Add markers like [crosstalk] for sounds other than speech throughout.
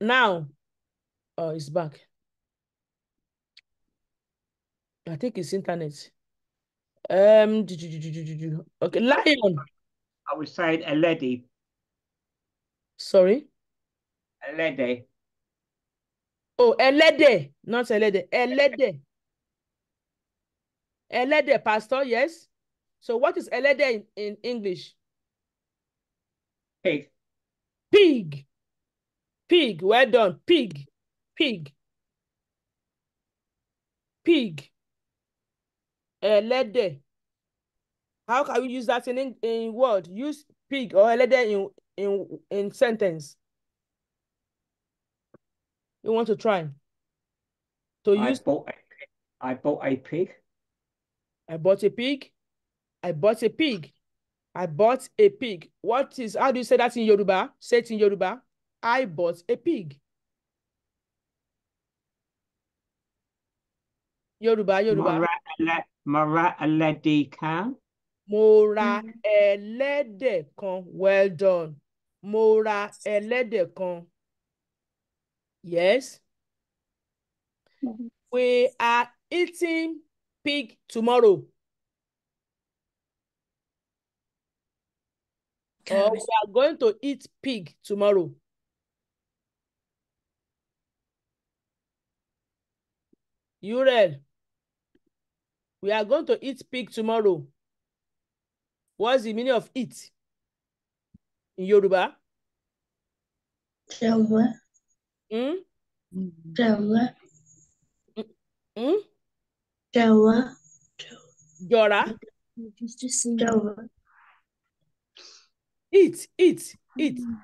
now oh it's back i think it's internet um okay lion i was saying a lady sorry a lady oh a lady not a lady a lady a lady pastor yes so what is a lady in, in english pig pig Pig. Well done. Pig. Pig. Pig. Elede. How can we use that in in word? Use pig or elede in in in sentence. You want to try? So I use. I bought a pig. I bought a pig. I bought a pig. I bought a pig. What is? How do you say that in Yoruba? Say it in Yoruba. I bought a pig. Yoruba, Yoruba. Mora ra mora mo ra ẹlẹ́dẹ̀ kan. Mo ra ẹlẹ́dẹ̀ kan. Well done. Mora ra ẹlẹ́dẹ̀ kan. Yes. We are eating pig tomorrow. Or we are going to eat pig tomorrow. Urel, we are going to eat pig tomorrow. What's the meaning of eat in Yoruba? Jẹ̀wẹ́. Hmm. Jẹ̀wẹ́. Mm? Jẹ̀wẹ́. Jọ̀rá. Jẹ̀wẹ́. Eat, eat, eat. Hmm.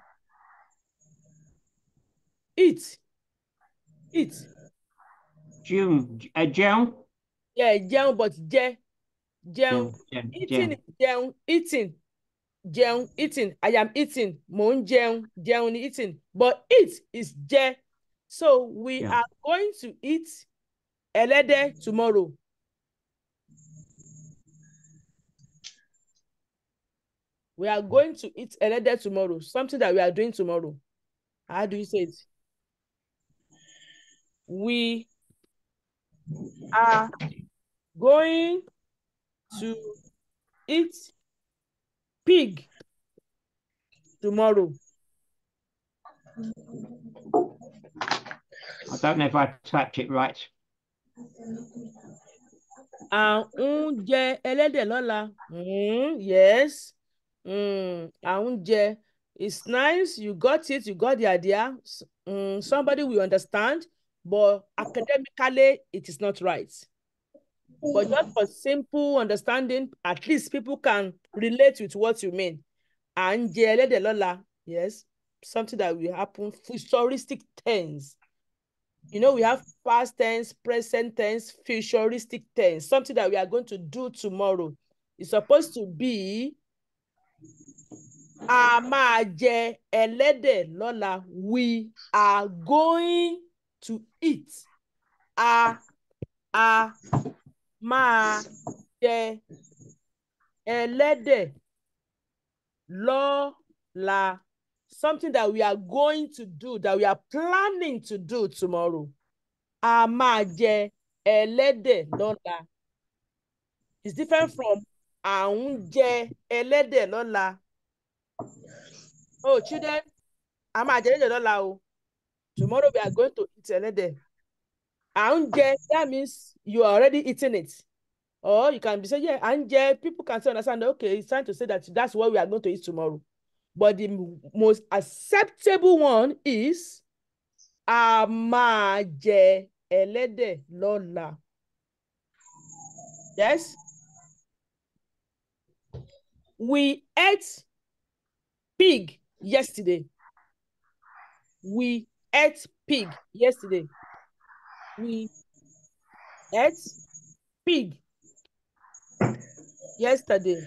Eat. Eat. June, ẹ jẹun. Yeah, jam, but jẹ jam eating jam eating jam eating I am eating moon jam jam eating but it is jam. jẹ so we yeah. are going to eat ẹlẹ́dẹ̀ tomorrow. We are going to eat ẹlẹ́dẹ̀ tomorrow, something that we are doing tomorrow. How do you say it? We are going to eat pig tomorrow. I don't know if I typed it right. À ń ẹlẹ́dẹ̀ lọ́la. Hmm, yes. Hmm, à It's nice. You got it. You got the idea. Mm, somebody will understand but academically it is not right. But mm. just for simple understanding, at least people can relate with what you mean. And lola, yes, something that will happen, futuristic tense. You know, we have past tense, present tense, futuristic tense, something that we are going to do tomorrow. It's supposed to be amaje ẹlẹ́dẹ̀ lọ́la. We are going to eat a a máa jẹ ẹlẹ́dẹ̀ lọ́la something that we are going to do that we are planning to do tomorrow a máa jẹ ẹlẹ́dẹ̀ lọ́la is different from à ń jẹ ẹlẹ́dẹ̀ lọ́la oh children a máa jẹ ẹlẹ́dẹ̀ lọ́la o. Tomorrow we are going to eat another. Anje, that means you are already eating it. Or you can be saying, yeah, Anje, people can say, understand, okay, it's time to say that that's what we are going to eat tomorrow. But the most acceptable one is amaje máa ẹlẹ́dẹ̀ lọ́la. Yes? We ate pig yesterday. We ate pig yesterday. We ate pig yesterday.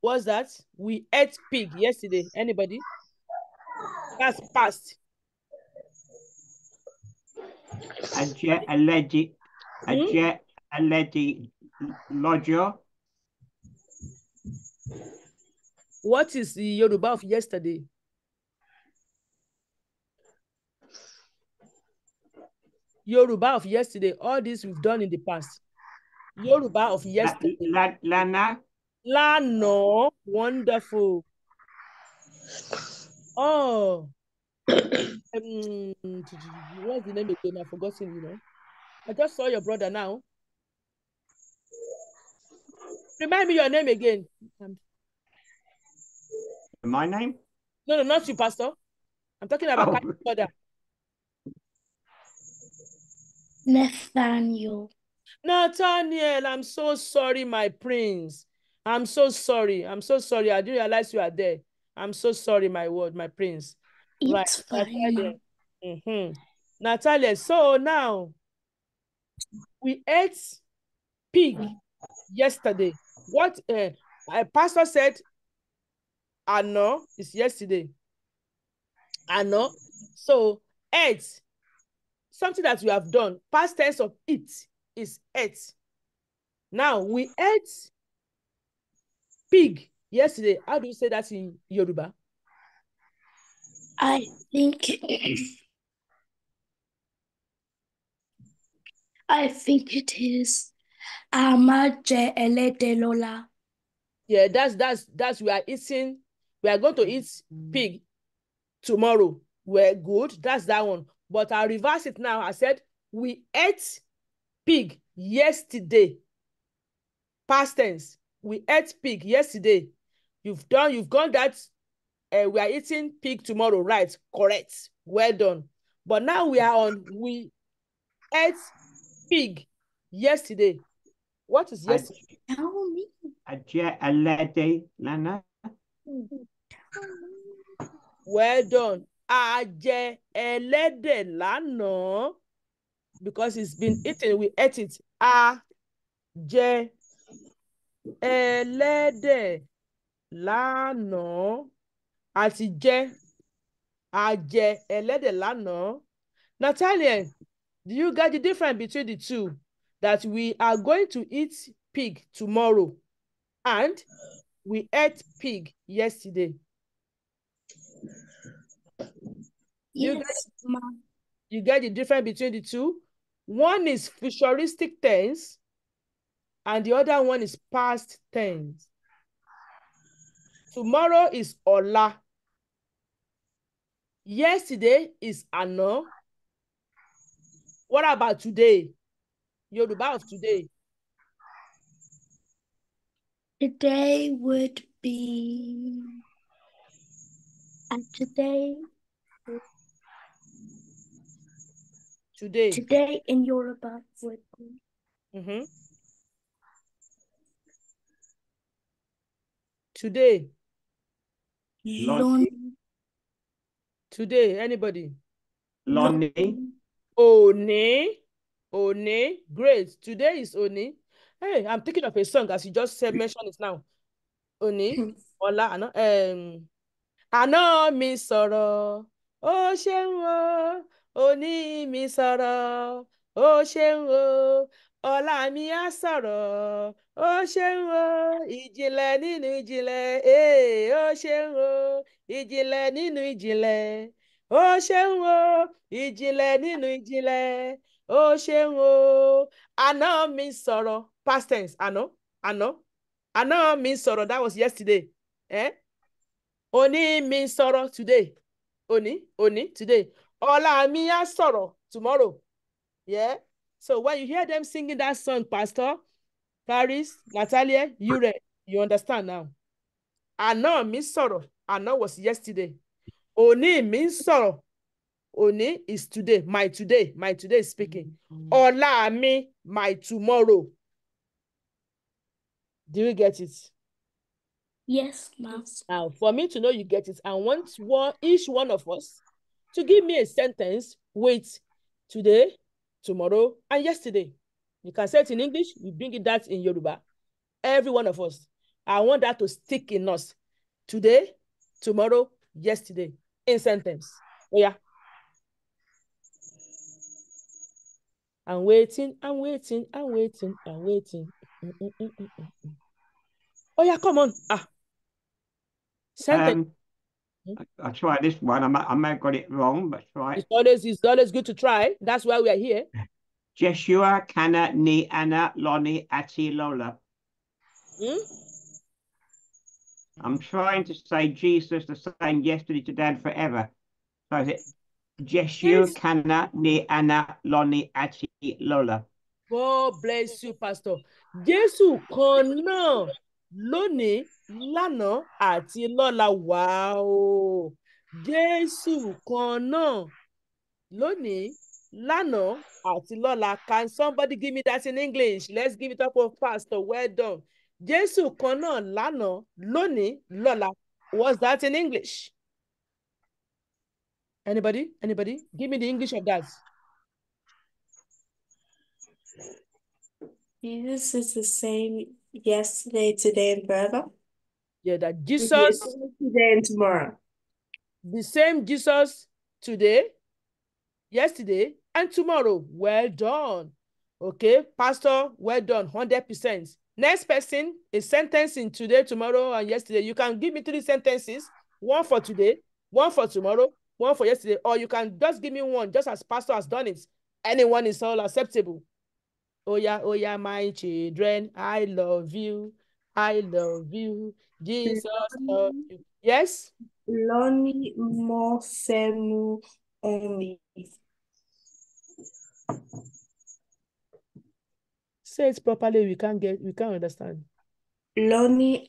What's that? We ate pig yesterday. Anybody? That's past. A jet, a alleged, lodger. What is the Yoruba of yesterday? Yoruba of yesterday, all this we've done in the past. Yoruba of yesterday. La, la, lana. Lano, wonderful. Oh. [coughs] um, what's the name again? I've forgotten, you know. I just saw your brother now. Remind me your name again my name? No, no, not you, Pastor. I'm talking about oh. brother. Nathaniel. Nathaniel, I'm so sorry, my prince. I'm so sorry. I'm so sorry. I didn't realize you are there. I'm so sorry, my word, my prince. It's right. Nathaniel. Mm -hmm. Natalia, so now we ate pig mm. yesterday. What uh, uh Pastor said I know it's yesterday. I know So ate something that you have done. Past tense of it is ate. Now we ate pig yesterday. How do you say that in Yoruba? I think I think it is Amaje de Lola. Yeah, that's that's that's we are eating we are going to eat mm. pig tomorrow. We're good. That's that one. But I reverse it now. I said, we ate pig yesterday. Past tense. We ate pig yesterday. You've done, you've gone that. Uh, we are eating pig tomorrow. Right. Correct. Well done. But now we are on, we ate pig yesterday. What is yesterday? Tell me. Aje lana. Mm-hmm. well done a jẹ lánàá because it's been eaten we ate it a jẹ ẹlẹ́dẹ̀ lánàá a ti jẹ a jẹ lánàá Nataliel do you get the difference between the two that we are going to eat pig tomorrow and we ate pig yesterday. You, yes, get, you get the difference between the two? One is futuristic tense, and the other one is past tense. Tomorrow is Ola. Yesterday is Ano. What about today? Yoruba of today. Today would be. And today Today. Today in Yoruba with me. Mm-hmm. Today. Lonnie. Today, anybody? Lonnie. Oni. Oni. Great. Today is Oni. Hey, I'm thinking of a song as you just said, mention it now. Oni. Ọlá, [laughs] ano Um, ano mi sọ̀rọ̀, ó ṣeun o seun oní mi sọ̀rọ̀ ó ṣeun o ọ̀la mi á sọ̀rọ̀ ó ṣeun o ìjìnlẹ̀ nínú ìjìnlẹ̀ ee eh, ó ṣeun o ìjìnlẹ̀ nínú ìjìnlẹ̀ ó ṣeun o ìjìnlẹ̀ nínú ìjìnlẹ̀ ó ṣeun o àná mi sọ̀rọ̀ past tense àná àná àná mi sọ̀rọ̀ that was yesterday eh? oní mi sọ̀rọ̀ today Ola mi sorrow tomorrow. Yeah. So when you hear them singing that song, Pastor, Paris, Natalia, Yure, you understand now. Àná mi I know was yesterday. Òní means sorrow. òní is today, my today, my today is speaking. Ọ̀la me my tomorrow. Do you get it? Yes, ma'am. Now, for me to know you get it, I want one, each one of us to give me a sentence with today, tomorrow, and yesterday. You can say it in English, you bring it that in Yoruba. Every one of us. I want that to stick in us. Today, tomorrow, yesterday, in sentence. Oh, yeah. I'm waiting, I'm waiting, I'm waiting, I'm waiting. Mm -mm -mm, mm, mm, mm. oh, yeah, come on. Ah. Sentence. Um, I try this one. I might, I might got it wrong, but try. It's always it's always good to try. That's why we are here. Jeshua, Kana, Ni, Anna, Lonnie, Ati, Lola. Hmm? I'm trying to say Jesus the same yesterday, today, and forever. So is it Jeshua, yes. Kana, Ni, Anna, Lonnie, Ati, Lola. God bless you, Pastor. Jesus, kan lónìí lánàá àti lọ́la wà o jésù kan náà lónìí lánàá àti lọ́la can somebody give me that in english let's give it up for oh, pastor well done jésù kan náà lánàá lónìí lọ́la what's that in english anybody anybody give me the english of that. Jesus is the same yesterday, today, and forever. Yeah, that Jesus today and tomorrow. The same Jesus today, yesterday, and tomorrow. Well done. Okay, Pastor, well done. 100%. Next person is sentencing today, tomorrow, and yesterday. You can give me three sentences one for today, one for tomorrow, one for yesterday, or you can just give me one, just as Pastor has done it. Anyone is all acceptable. Oh yeah, oh yeah, my children, I love you. I love you. Jesus love you. Yes? Loni mo semu Say it properly, we can't get, we can't understand. Loni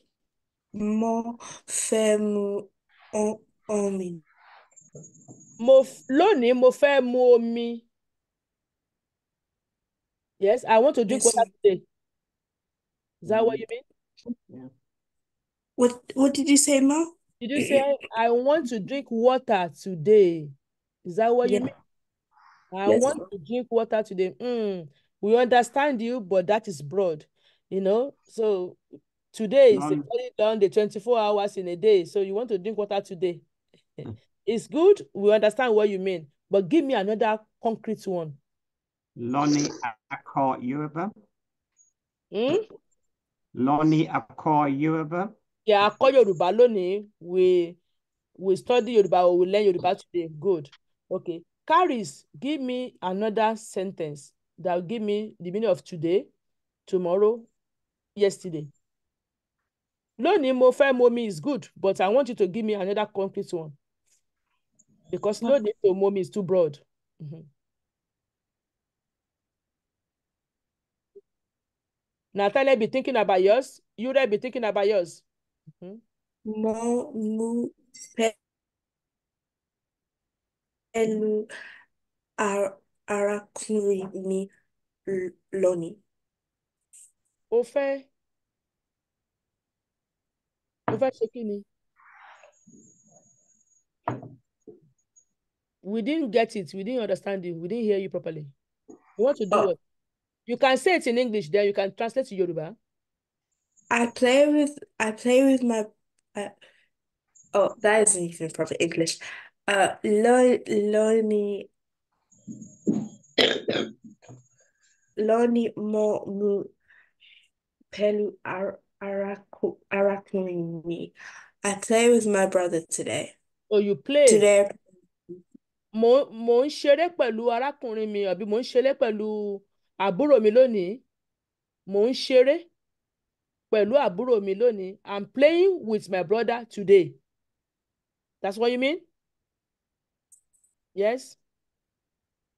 mo femu omi. Mo, lónìí mo omi. Yes, I want to drink yes. water today. Is that what mm. you mean? Yeah. What What did you say, Ma? Did you say I want to drink water today? Is that what yeah. you mean? I yes. want to drink water today. Mm, we understand you, but that is broad, you know. So today is very long, the 24 hours in a day. So you want to drink water today. Mm. it's good. We understand what you mean, but give me another concrete one. Lonnie Accor Yoruba. Hmm? Lonnie Accor Yoruba. Yeah, Accor Yoruba lónìí. We we study Yoruba or we learn Yoruba today. Good. Okay. Caris, give me another sentence that will give me the meaning of today, tomorrow, yesterday. Lónìí mo fẹ́ momi is good, but I want you to give me another concrete one. Because lónìí to momi is too broad. Mm -hmm. Natalia be thinking about yours. You Yuda be thinking about yours. Mm -hmm. We didn't get it. We didn't understand it. We didn't hear you properly. You want to do oh. what? You can say it in English, then you can translate to Yoruba. I play with I play with my uh, oh that isn't even proper English. Uh lo loni mo mu pelu ar me. I play with my brother today. Oh, you play today. Mo mo ń ṣeré pẹ̀lú arákùnrin mi àbí mo ń ṣeré pẹ̀lú àbúrò mi lónìí mò ń ṣeré pẹ̀lú àbúrò mi lónìí I'm playing with my brother today that's what you mean yes.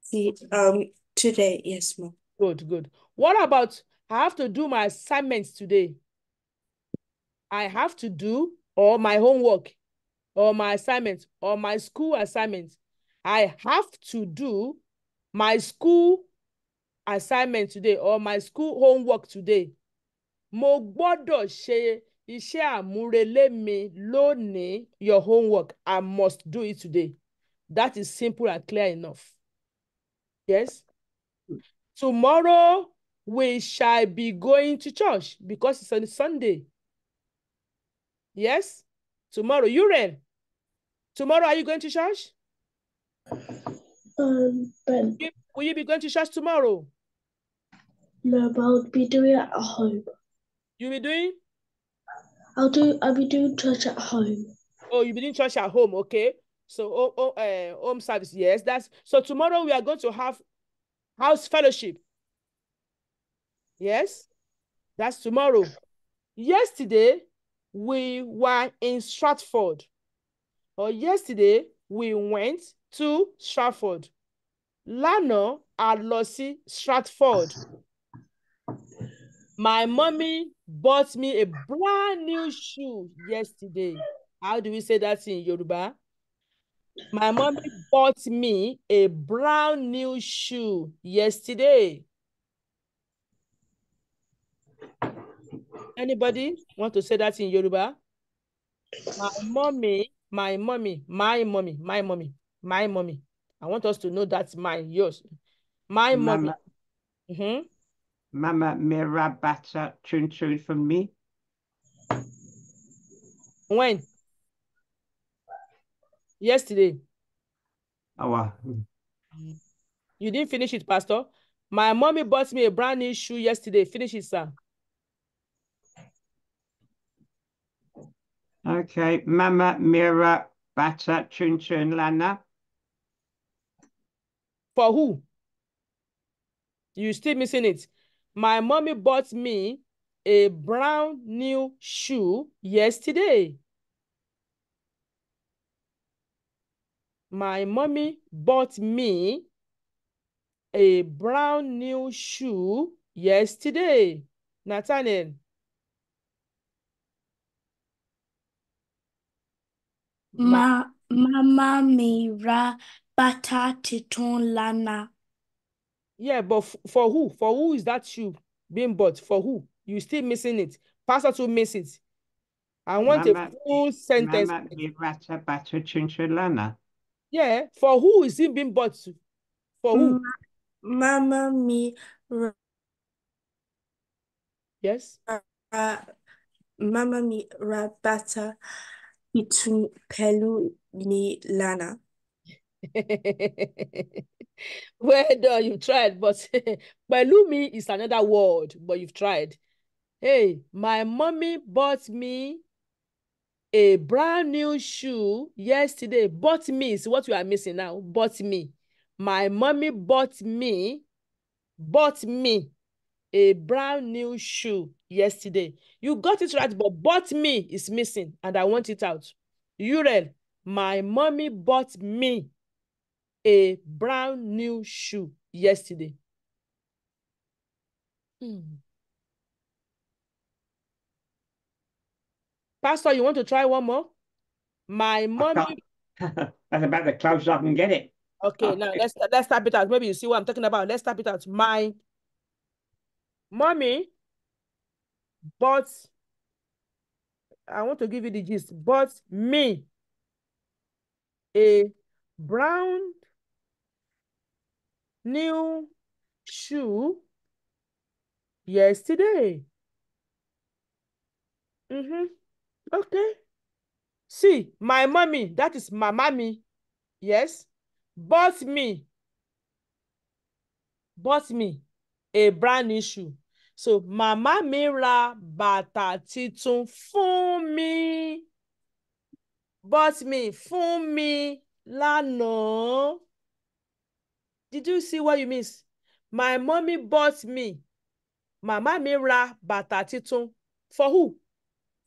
See, um today yes ma'am. Good good. What about I have to do my assignments today? I have to do or my homework or my assignments or my school assignments. I have to do my school assignment today or my school homework today mo gbọ́dọ̀ ṣe iṣẹ́ àmúrelé mi your homework I must do it today that is simple and clear enough yes tomorrow we shall be going to church because it's on Sunday yes tomorrow you read tomorrow are you going to church um, ben. will you be going to church tomorrow no, but I'll be doing it at home. You'll be doing? I'll do. I'll be doing church at home. Oh, you'll be doing church at home. Okay. So, oh, oh, uh, home service. Yes, that's so. Tomorrow we are going to have house fellowship. Yes, that's tomorrow. Yesterday we were in Stratford. Or yesterday we went to Stratford. Lánàá a lọ Stratford. My mommy bought me a brand new shoe yesterday. How do we say that in Yoruba? My mommy bought me a brand new shoe yesterday. Anybody want to say that in Yoruba? My mommy, my mommy, my mommy, my mommy, my mommy. I want us to know that's my yours. My Mama. mommy. Mm -hmm. Mama Mira Bata Chun Chun from me? When? Yesterday. Oh, wow. You didn't finish it, Pastor. My mommy bought me a brand new shoe yesterday. Finish it, sir. Okay. Mama Mira Bata Chun Chun Lana. For who? You still missing it. My mommy bought me a brand new shoe yesterday. My mommy bought me a brand new shoe yesterday. Nathaniel. Ma, màmá mi ra bata titon lana. Yeah, but for who? For who is that shoe being bought? For who? You still missing it. Pastor to miss it. I want Mama, a full sentence. Mama, yeah, for who is it being bought? For who? Mama me. Yes. Uh, Mama me rabata itu pelu ni lana. [laughs] well done, you've tried, but Balumi [laughs] is another word, but you've tried. Hey, my mommy bought me a brand new shoe yesterday. Bought me is what you are missing now. Bought me. My mommy bought me, bought me a brand new shoe yesterday. You got it right, but bought me is missing and I want it out. Urel, my mommy bought me a brand new shoe yesterday. Hmm. Pastor, you want to try one more? My mommy. [laughs] That's about the closest I can get it. Okay, now let's let's type it out. Maybe you see what I'm talking about. Let's type it out. My mommy bought. I want to give you the gist. Bought me a brown new shoe yesterday. Mm-hmm. Okay. See, my mommy, that is my mommy, yes, bought me, bought me a brand new shoe. So, mama mi ra bàtà titun fún mi, bought me fún mi lánàá did you see what you miss my mommy bought me Mama mi ra bàtà titun for who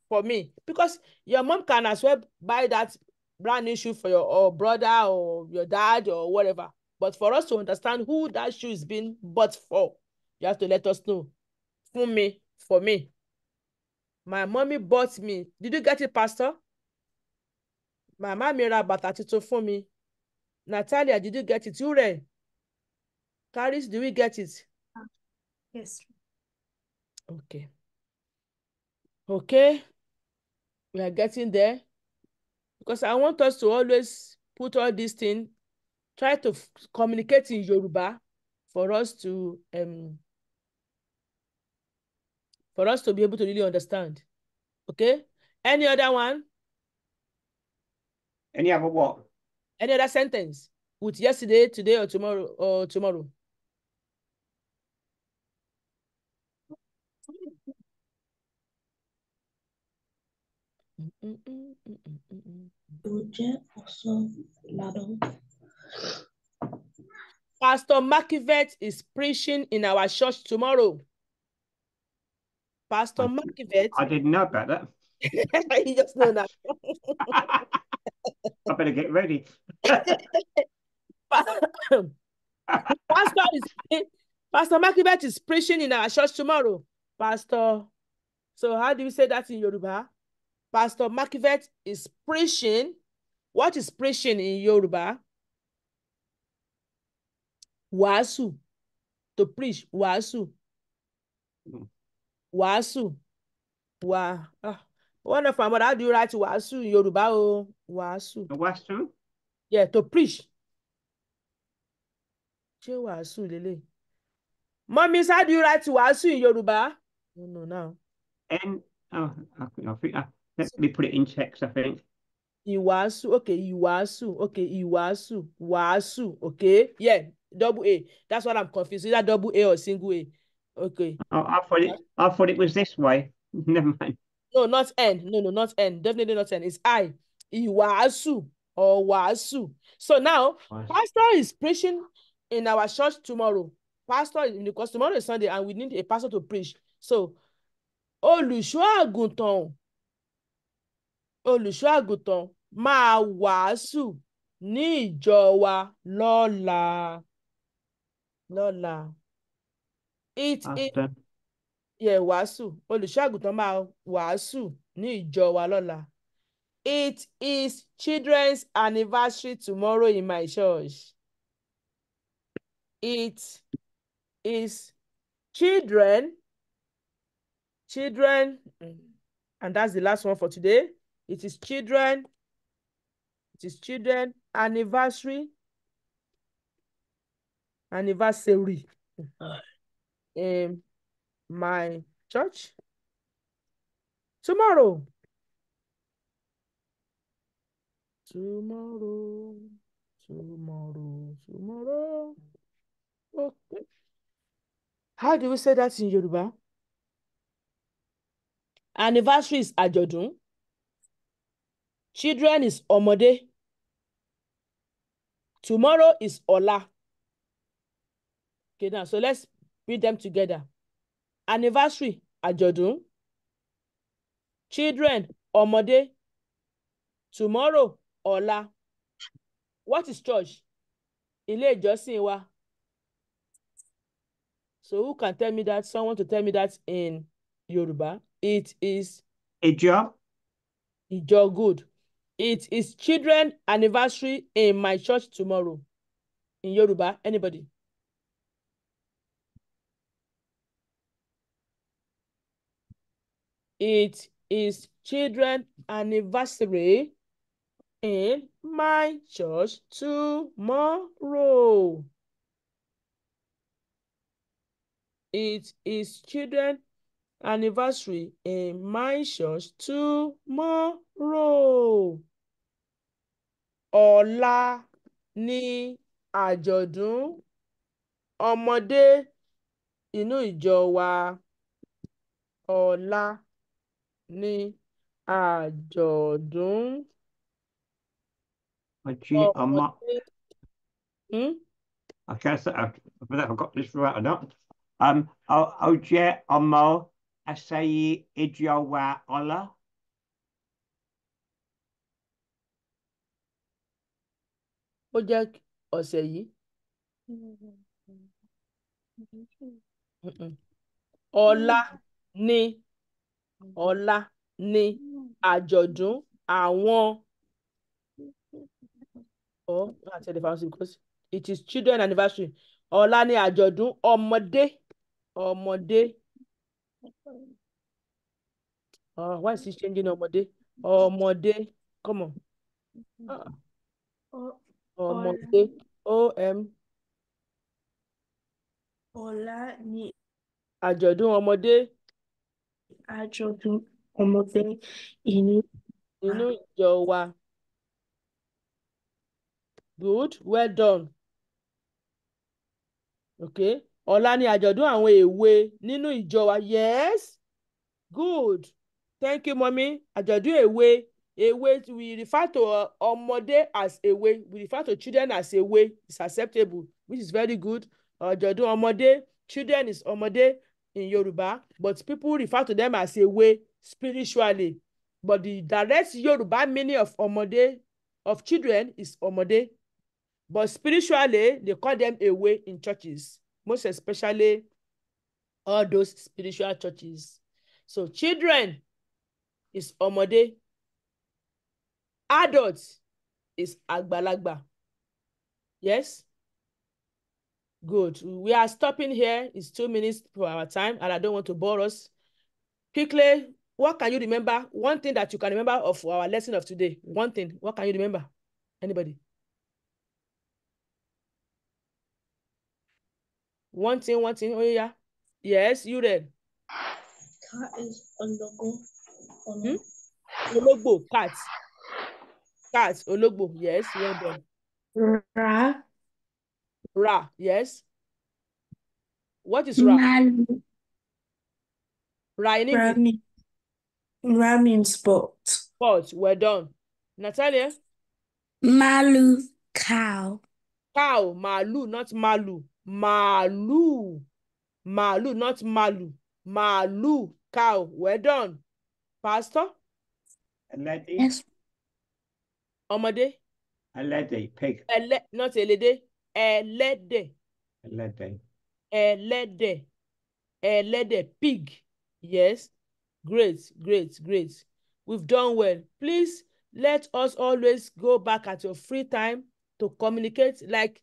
for me because your mom can as well buy that brand new shoe for your or brother or your dad or whatever but for us to understand who that shoe is being bought for you have to let us know For me, for me my mommy bought me did you get it pastor Mama mi ra bàtà titun fún mi Natalia did you get it you rẹ Caris, do we get it? Yes. Okay. Okay. We are getting there. Because I want us to always put all these things, try to communicate in Yoruba for us to um for us to be able to really understand. Okay? Any other one? Any other what? Any other sentence with yesterday, today, or tomorrow or tomorrow? Pastor Makivet is preaching in our church tomorrow. Pastor I, Makivet. I didn't know about that. [laughs] you just know that. [laughs] I better get ready. [laughs] Pastor is Pastor Makivet is preaching in our church tomorrow. Pastor, so how do you say that in Yoruba? Pastor Makivet is preaching. What is preaching in Yoruba? Wasu To preach, Wasu. Wasu. Wa. Ah. One of our mother, how do you write wasu in Yoruba? Oh, wasu. Wasu. Yeah, to preach. Che wasu lele. Mommy, how do you write wasu in Yoruba? No, no, now. And, oh, I, I, I, Let me put it in text. I think. Iwasu, okay, Iwasu, okay, Iwasu, Wasu, okay, yeah, double A. That's what I'm confused. Is that double A or single A? Okay. Oh, I thought it. I thought it was this way. [laughs] Never mind. No, not N. No, no, not N. Definitely not N. It's I. Iwasu or Wasu. So now, pastor is preaching in our church tomorrow. Pastor, because tomorrow is Sunday, and we need a pastor to preach. So, Olùṣọ́ àgùntàn olùṣọ́ àgùntàn máa wàásù ní ìjọ wa lọ́la. lọ́la. it is yẹ wàásù olùṣọ́ àgùntàn máa wàásù ní ìjọ wa lọ́la. it is children's anniversary tomorrow in my church. it is children children mm, and that's the last one for today. It is children. It is children anniversary. Anniversary. in my church. Tomorrow. Tomorrow. Tomorrow. Tomorrow. Okay. How do we say that in Yoruba? Anniversary is àjọ̀dún. Children is ọmọdé. Tomorrow is Ola. Okay, now, so let's read them together. Anniversary, àjọ̀dún. Children, ọmọdé. Tomorrow, Ola. What is church? Ilé Josinwa. So who can tell me that? Someone to tell me that in Yoruba. It is. Ìjọ. Ìjọ good. It is children anniversary in my church tomorrow. In Yoruba, anybody? It is children anniversary in my church tomorrow. It is children anniversary in my church tomorrow. Ọ̀la ni àjọ̀dún ọmọdé inú ìjọ wa. Ọ̀la ni àjọ̀dún Actually, I'm hmm? I can I, whether got this right or not. Um, o- Oje Ọmọ Asayi Ijowa Ọla. ó jẹ́ ọ̀sẹ̀ yìí. ọ̀la ni ọ̀la ni àjọ̀dún àwọn. Oh, I tell the fancy because it is children anniversary. Ọ̀la ni àjọ̀dún ọmọdé. Ọmọdé. Oh, why is he changing ọmọdé? Ọmọdé. Come on. Uh. Ọmọdé OM. Ọ̀la ni àjọ̀dún ọmọdé. Àjọ̀dún ọmọdé inú. Inú ìjọ wa. Good, well done. Okay. Ọ̀la ni àjọ̀dún àwọn èwe nínú ìjọ wa. Yes. Good. Thank you, mommy. Àjọ̀dún èwe. A away we refer to uh, ọmọdé as a way, we refer to children as a way. is acceptable which is very good ọ̀jọ̀dún uh, ọmọdé children is ọmọdé in Yoruba but people refer to them as a way spiritually but the direct Yoruba meaning of ọmọdé of children is ọmọdé but spiritually they call them a way in churches most especially all those spiritual churches so children is ọmọdé adult is àgbàlagbà yes good we are stopping here it's two minutes for our time and I don't want to bore us quickly what can you remember one thing that you can remember of our lesson of today one thing what can you remember anybody one thing one thing oh yeah yes you read cat is Hmm. The ológbò cat Cat, ologbo, yes, well done. Ra. Ra, yes. What is ra? Man. Ra, ra, means, ra means sport. Sport, well done. Natalia? Malu, cow. Cow, malu, not malu. Malu. Malu, not malu. Malu, cow, well done. Pastor? Yes ọmọdé. ẹlẹ́dẹ̀ pig. ẹlẹ́ náà ti elédè ẹlẹ́dẹ̀. ẹlẹ́dẹ̀. ẹlẹ́dẹ̀ ẹlẹ́dẹ̀ pig yes great great great we've done well please let us always go back at your free time to communicate like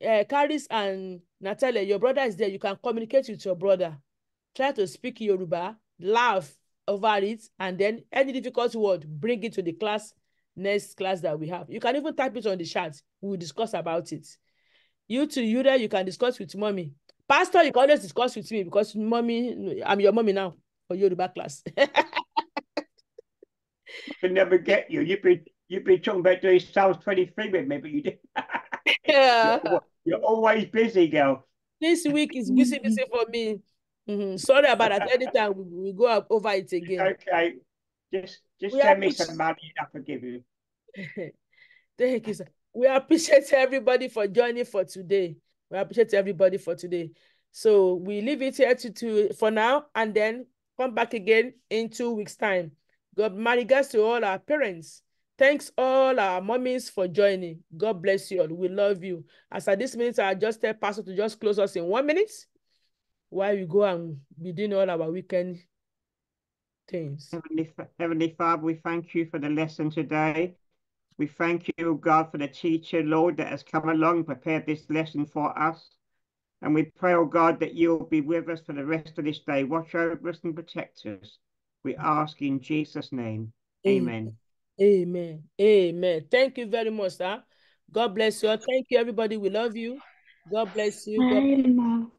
uh, eh, Caris and Natalia your brother is there you can communicate with your brother try to speak Yoruba laugh over it and then any difficult word bring it to the class next class that we have. You can even type it on the chat. We'll discuss about it. You too, you there, you can discuss with mommy. Pastor, you can always discuss with me because mommy, I'm your mommy now for Yoruba class. I [laughs] never get you. You've been you've been talking about doing Psalms 23 with me, but you did. [laughs] yeah. You're, you're, always busy, girl. This week is busy, busy for me. Mm -hmm. Sorry about that. Anytime we, we go up over it again. Okay. Just just we send me some money and I forgive you. [laughs] Thank you, sir. We appreciate everybody for joining for today. We appreciate everybody for today. So we leave it here to, to for now and then come back again in two weeks' time. God, my regards to all our parents. Thanks all our mummies for joining. God bless you all. We love you. As at this minute, I just tell Pastor to just close us in one minute while we go and be doing all our weekend Heavenly, Heavenly Father, we thank you for the lesson today. We thank you, God, for the teacher, Lord, that has come along and prepared this lesson for us. And we pray, oh God, that you will be with us for the rest of this day. Watch over us and protect us. We ask in Jesus' name. Amen. Amen. Amen. Thank you very much, sir. God bless you. Thank you, everybody. We love you. God bless you. God bless you.